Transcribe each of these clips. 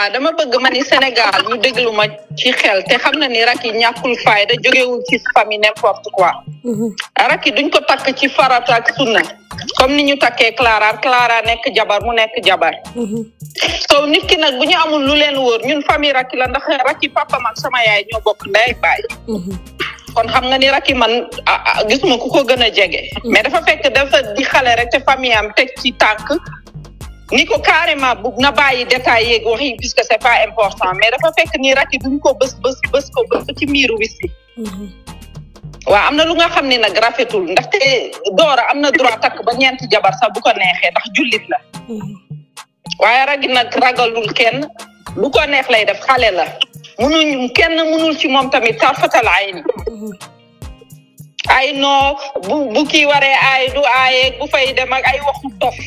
waaw dama bëgg ma ni Sénégal ñu déglu ma ci xel te xam na ni rak yi ñàkkul fayda jógewul ci famille n'importe quoi mhm. rak yi duñ ko takk ci farata ak sunna comme ni ñu takkee Clara Clara nekk jabar mu nekk jabar mhm. so nit ki nag bu ñu amul lu leen wóor ñun famille rak yi la ndax rak yi papam ak sama yaay ñoo bokk ndey ak mhm. kon xam nga ni rakki man ah, ah, gisuma ku ko gën a jege mais dafa fekk dafa di xale rek te famille teg ci tànk ni ko carrément bu na bàyyi détails yeeg wax yi puisque c'est pas important mais dafa fekk ni rakk yi duñ ko bës bës bës ko ci miiru wis bi mm-hmm. waaw am na lu nga xam ne nag rafetul ndaxte doora am na droit takk ba ñeenti jabar sax bu ko neexee ndax jullit la mm-hmm. waaye ragi nag ragalul kenn lu ko neex lay def xale la munuñ kenn munul ci moom tamit tarfatal ay ni mm-hmm. ay noo bu bu kii waree aay du aayeeg bu fay dem ak ay waxu dof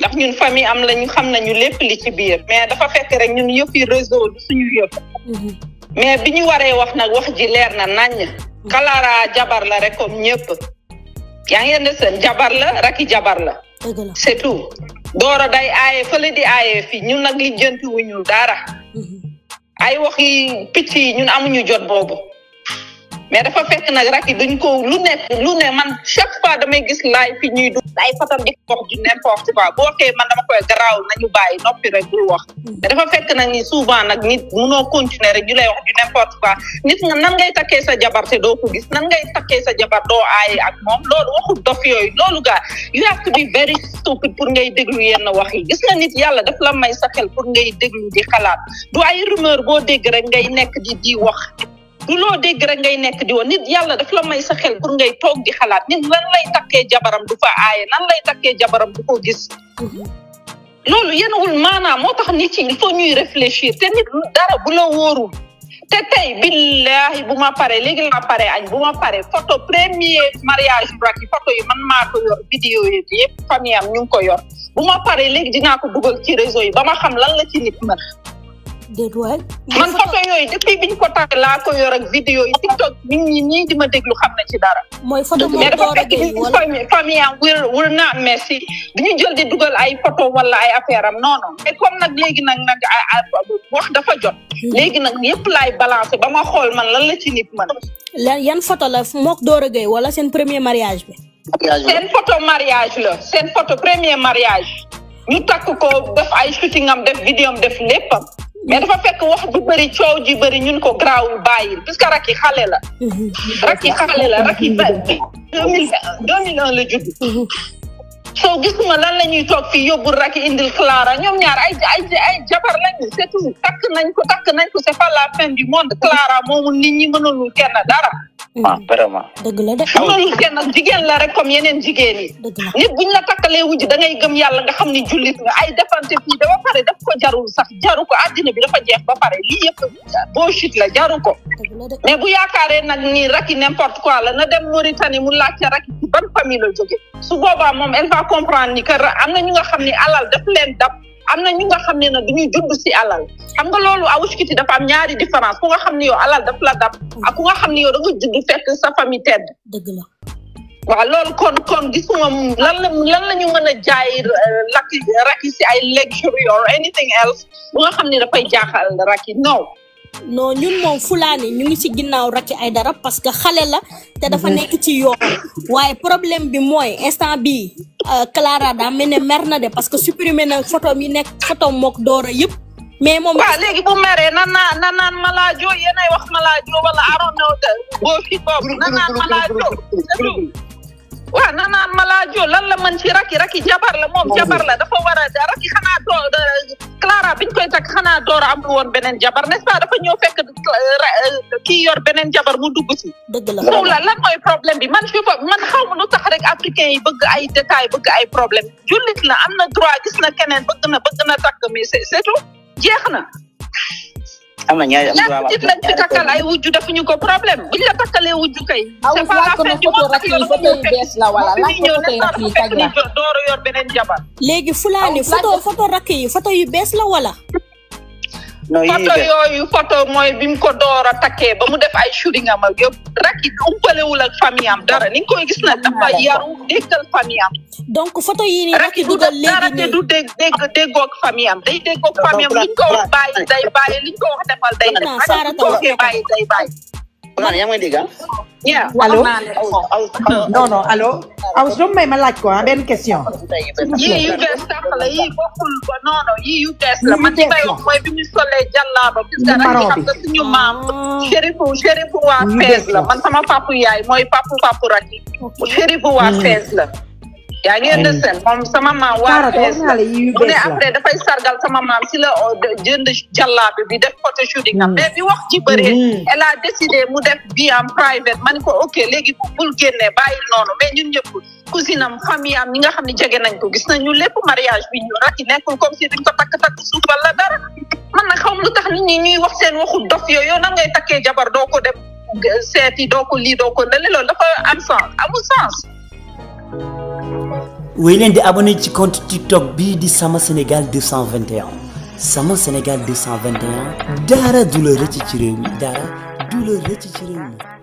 ndax ñun famille am lañu xam nañu lépp li ci biir mais dafa fekk rek ñun yëf yi réseau du suñu yëf mhm. mais bi ñu waree wax nag wax ji leer na naññ Kalaara jabar la rek comme ñëpp yaa ngi leen seen jabar la raki jabar la c'est tout dooro day aaye fële di aaye fii ñun nag lijjanti wuñu dara mhm. ay waxi picc yi ñun amuñu jot boobu mais dafa fekk na rak yi dañ ko lu ne lu ne man chaque fois damay gis laay fi ñuy du ay fatam di wax du n'importe quoi boo xee man dama koy garaaw nañu bàyyi noppi rek bul wax mm. mais dafa fekk nag ni souvent nag nit munoo continuer rek ñu lay wax du n'importe quoi nit nan ngay takkee sa jabar te doo ko gis nan ngay takkee sa jabar doo aaye ak moom loolu waxu dof yooyu loolu gaa you have to very stupid pour ngay déglu yenn wax yi gis nga nit yàlla daf la may sa xel pour ngay déglu di xalaat du ay rumeur boo dégg rek ngay nekk di di du loo dégg rek ngay nekk di woon nit yàlla def la may sa xel pour ngay toog di xalaat nit lan lay takkee jabaram du fa aaye nan lay takkee jabaram du ko gis loolu yenwul maanaam moo tax nit ci il faut ñuy réfléchir te nit dara bu la wóorul te tey billahi bu ma pare léegi laa pare añ bu ma pare photo premier mariage Racky photo yi man maa ko yor vidéo yi yëpp famille am ñu ngi ko yor bu ma pare léegi dinaa ko dugal ci réseau yi ba ma xam lan la ci nit mën déet waay. man photo yooyu depuis bi ñu ko tax laa ko yor ak vidéo yi TikTok nit ñi ñii di ma déglu xam na ci dara. mooy photo ñu jël di dugal ay photo wala ay affaire am non non mais comme nag léegi nag nag wax dafa jot. Hmm. léegi nag yëpp laay balancer ba ma xool man lan la ci nit man. yan photo la mook wala seen premier mariage bi. seen photo mariage la seen photo premier mariage. ñu takk ko def ay shooting am def vidéo am def léppam. mais dafa fekk wax ji bëri coow ji bëri ñun ko garaawul bàyyil puisque rakki xale la. Mhm. rakki xale la rakki ba deux mille deux mille un la judd. soo gisuma lan la ñuy toog fii yóbbul rakki indil Clara ñoom ñaar ay ay ay jabar lañu c'est tout takk nañ ko takk nañ ko c'est pas la fin du monde Clara moomu nit ñi mënul kenn dara. ah vraiment. dëgg la de xam nga lu seen la rek comme yeneen jigéen yi. dëgg la nit buñ la takkalee wujj da ngay gëm yàlla nga xam ni jullit nga ay defante fii dafa pare daf ko jarul sax jaru ko bi dafa jeex ba pare lii yëpp bullshit la jaru ko. mais bu yaakaaree nag ni raki n'importe quoi la na dem Mauritanie mu laajte raki ci ban famille la jóge su boobaa moom elle va comprendre ni que am na ñu nga xam ni alal daf leen dab. am na ñu nga xam ne nag dañuy judd si alal xam nga loolu awushkiti dafa am ñaari différence ku nga xam ne yow alal daf la dab hmm. ak ku nga xam ne yow da nga judd fekk sa dëgg la waaw loolu kon kon gisuma lan la lan la ñu mën a jaay lakki euh, rakki si ay luxury or anything bu nga xam ne dafay jaaxal rakki no non ñun moom fulaani ñu ngi ci ginnaaw Racky Aïdara parce que xale la te dafa mhm. nekk ci yoon waaye problème bi mooy instant bi Euh, Clara daa mel ne de parce que supprimer na photo mi nekk photo mook Dora yëpp. mais moom waaw léegi bu meree naan Maladio yéenay wax Maladio wala I don't know boo fi boobu naan Maladio waaw na naan ma laa joo lan la mën ci raki raki jabar la moom jabar la dafa war a raki xanaa doo Clara biñ koy takk xanaa door a am woon beneen jabar n'est-ce pas dafa ñëw fekk kii yor beneen jabar mu dugg ci. dëgg la Sow la lan mooy problème bi man fi fa man xaw ma lu tax rek africain yi bëgg ay détail bëgg ay problème jullit la am na droit gis na keneen bëgg na bëgg na takk mais c'est tout jeex na. am na ñaari am droit wax lañ fi takkal ay wujju defuñu ko problème buñ la takkalee wujju kay. c'est pas la fête du monde ak yow la door yor beneen jabar. léegi fulaani photo photo rakk yi photo yu bees la wala. photo yooyu photo mooy bi mu ko door a takkee ba mu def ay shootingam ak yëpp rek umpalewul ak famille dara ni koy gis na dafa yaru déggal famille am. donc photo yi nii rek du dara te du dégg déggoo ak famille am day déggoo ak famille am liñ ko wax bàyyi day bàyyi liñ ko wax defal day defal liñ ko waxee bàyyi day bàyyi. yaa ngi may dégg ah. allo oh, oh, oh. non non allo. aw su may ma laaj ko ah benn question. yii yu bees sax la yii bokkul ba noonu yii yu bees la man li may wax mooy bi ñu solee jàllaaba gis nga rek xam nga suñu maam chérifu mm. chérifu waa fees la man sama papu yaay mooy papu papu raki chérifu waa mm. fees la yaa ngi de di moom sama maam waa PS mu ne après dafay sargal sama maam si la oh, jënd jàllaabe bi def photo shooting am mm. mais bi wax ci bëree mm. elle a décidé mu def bi am private man ko ok léegi bul génnee bàyyil noonu mais ñun ñëpp cousine am famille am ñi nga xam ne jege nañ ko gis nañu lépp mariage bi ñu rakki nekkul comme si duñ ko takk-takk suuf wala dara man nag xaw ma lu tax nit ñuy wax seen waxu dof yooyu yow nan ngay takkee jabar doo ko dem seeti doo lii doo ko lële loolu dafa am sens wéy leen di abonné ci compte TikTok bii di sama Sénégal 221 sama Sénégal 221 dara du la rëcc ci réew mi dara du la rëcc ci réew